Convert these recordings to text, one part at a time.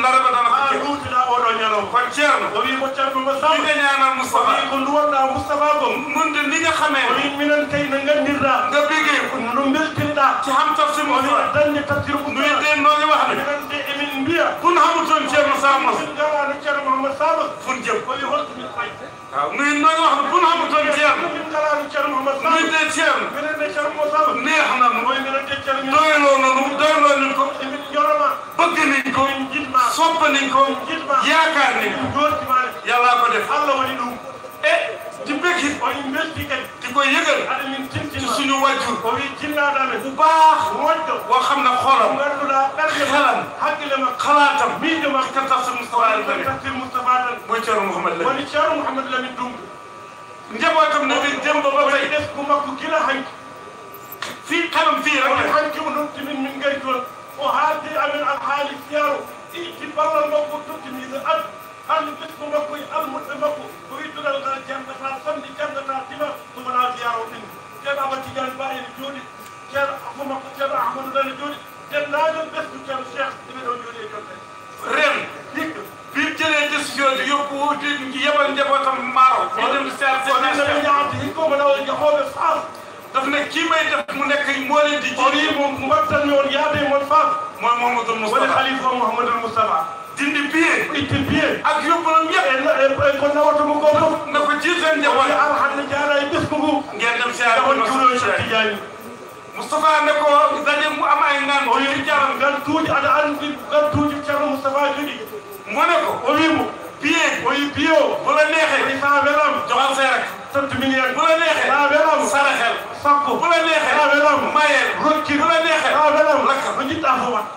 ndaraba dana ko jeex luutina oɗo ñalawma kon ceerno o wi ko ceernomo sam ide ñaanal moustapha ko nduwonɗa moustapha gom nunde ndi nga xamee o wi minen kay no nganndirɗa nga bigey no beltinɗa ci ham tafsimo o wiwa dañde tafsir ko no yidde noone wax ne minen de emin mbiya kun hamu toon ceerno samos garano ceerno mouhamad samos fun jëm o wi holtomin fay waaw nuyu noonu wax bu nu xamutoon ceeb. nuyu de ceeb. neex na mu. nañ ko yaakaar nañ ko yàllaa ko def allah woni ɗum e di bekki oyi belti kadi di ko yëgal aɗa min tintin suñu wajjur o wi jinnaɗame bu baax moƴƴo woo xam ne xoolam ganduɗa ɓerde xelam hakkille ma xalaatam miijo ma kartafte moustapha altami kartir moustapha tan mooy ceerno mouhamad lamin woni ceerno mouhamad lamin ɗum njabootam ne wi demba ba bay def bu makko gila hanki fii xelam fii rek hanki o nontinin min ngay toon o haaldi amin alhaali fiyaro ci ballal makko tokkiniiɗo an hannde ɓesgo makko e almuɗɗe makko ko wittudal ngal janngata sanni janngata tima sumana wiyaro ɗin ceerno abad tidiane ba ene jooɗi ceerno ko makko ceerno ahmadou dane jooɗi denndaangal ɓesgu ceerno cheikh ɗumen ɗon jooɗi e jonte ren hikka bi jëlee décision bi yóbbu di yebal njabootam maaro. dem seet. kon ni nga ñaata yi ko ma dawal njahooɓe faas daf ne kii may def mu nekk moo leen di. on dit moom mbattal yoon yaa dee moon faam. mooy Mouhamadou Moustapha wala xalifa Mouhamadou Moustapha. dindi biir. itti biir. ak yóbbalam yëpp. kon nawatu mu góob. na ko jiiteen njaboot yi alhamdulilah jaaraay bés bu gu. ngeen dem si àll bi ma si Moustapha ne ko daje mu am ay naan. o yi jaram gan tuuti ada an gan tuuti Thierno Moustapha Judy. mu ne ko o wiimu. bien. o yi bio. bu la neexee. ay saa welam. joxal sa rek. sant million bu la neexee. sànq bu la neexee. waaw ah, benn am mayeel rocci bu la neexee. waaw ah, benn am lakk ba ñu taafuwaat.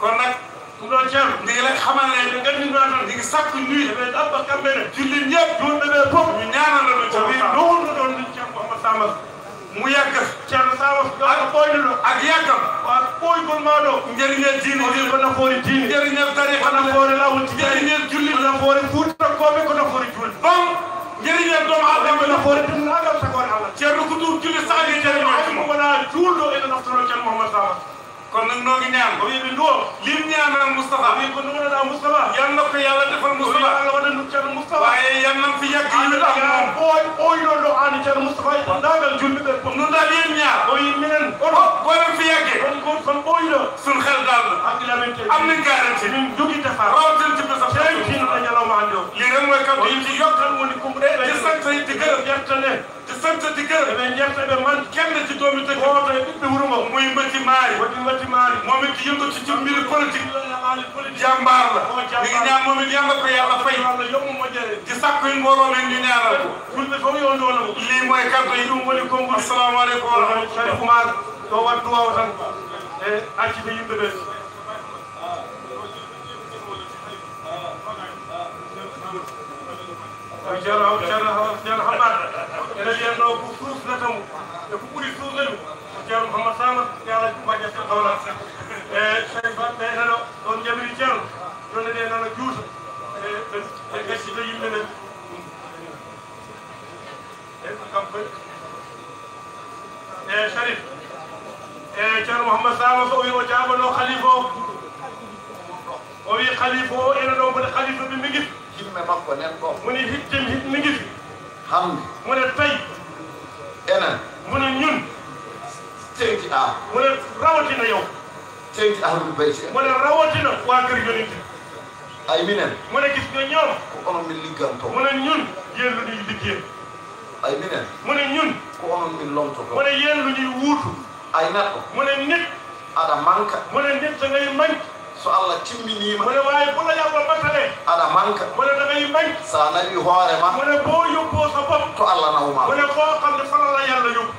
kon nag mu doon ceeb ñu ngi lay xamal ne nga ñu doon doon ñu ngi sàkk nuyu. dafay am ba kàmbee ne. jullit ñëpp doon demee bopp. ñu ñaanal la doon ceeb bi doon na doon duñ ceeb Mouhamed Samba mu yàgg. ceeb Samba ak booy lu ak yàggam. waaw booy bul maa doon. njëriñal diini diini ko na foori diini. njëriñal tariqa ko na foori lawul ci njëriñal jullit ko na foori fuuta koobe ko na foori juul. bon njëriñal doomu aadama ko na foori fuɗɗoɗaade tuulɗo ene naftoro calmo massama kono noon noogi ñaan o wii ɓe nduwo lim ñaanan moustapha wi ko nduwonoɗa moustapha yanno ko yo allah defal moustapha allah waɗa ɗum ceerno moustapha waye yannam fi yakki yimɓe ɗam ɓooy ɓooynoɗo aan ceerno moustapha e ɗamdagal julɓe ɓe ɗum ɗum ɗaɗi en ñaa o wi kon ɓooy ɗo sun hel dalɗo haqqilamente amni garanti min jogi defa rawten tibbe sa teytino ɗo ñalawma hannde o li ren way kamɓe yimɓe yokkan woni kumɓe e santa yidde gërëm yertane e santa di gërëm eɓe jerta ɓe man kemɓe ci doomi tagi oto e ɓiɓɓe wuro ngo muy mbati maari waɗi mbati maari momin ki yimɓe ci jimmiri politique jambarla migi ñaan momin yalla ko yalla fay yommu moƴƴere di sakko en ngoro men ndi ñaanal ko fulɓe fof yo ndonamo li moye kaddo e ɗum woni konngol salamu aleykum warahmatullah ma ɗo wat duwawa tan acıbe yıldırır. jaraw jaraw jaraw hamad ene den no ko proof la tam e ko buri suugal jaraw hamad sama yalla ko baje ko wala e sey ba be na don jamiri jaraw don de na juuta e e gassi be yimbe ne e kam be e sharif e ceerno mouhammad sama so o wi o jabano khalifa o o wi khalifa o ene ɗo mboɗe khalifa ɓe migit himɓe nen ɗo moni hittem hit migit hamde mone tawi enen mone ñun tewtiɗa mone rawatina yow tewti ahlul beyti mone rawatina wakir yoninte ay minen mone gis ño ñoom ko onon min ligganto mone ñun yelluɗi liggen ay minen mone ñun ko onon min lomtoto mone yelluɗi wuutu ay nattu mu ne nit aɗa manka mu ne nit da ngay manki so allah timminiima mune waawi ɓula yalla battale aɗa manka mune to ɓeyi mbañ so a nawi hoore ma mune boo yobbo so bopp to allah nawma mune foo kamde falala yalla yobbo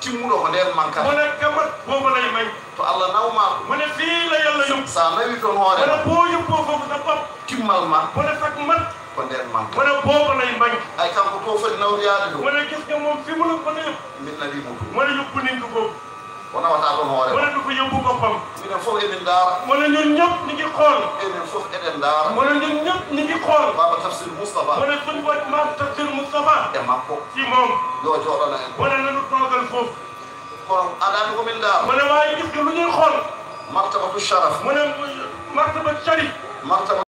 timmuɗo ko nden manka mune kamat bomalay mañ to allah nawma mune fiila yalla yobbo so a nawi toon hoore mune boo yobbo fof so bopp timmal ma mune fak mat condemnement wona boobana e mbañi hay kanko to foti nawriyaade ɗo wona gifde moom fimula kono min nawi muɗum wona yoppuninde goo o nawata toon hoore wona ɗoko yobbu goppam minen fof emin ndaara wona ñon ñop nigi xool emin fof eɗen ndaara wona ñon ñop nigi xool baba tafsir moustapha wona soni wat mam tafsir moustapha e makko si moom yo jooɗana en wona nanu toogal fof kono aɗani komin ndaara wona wawi gifde lu ñuy xool martabatu sharaf wona martabatu sharif martaba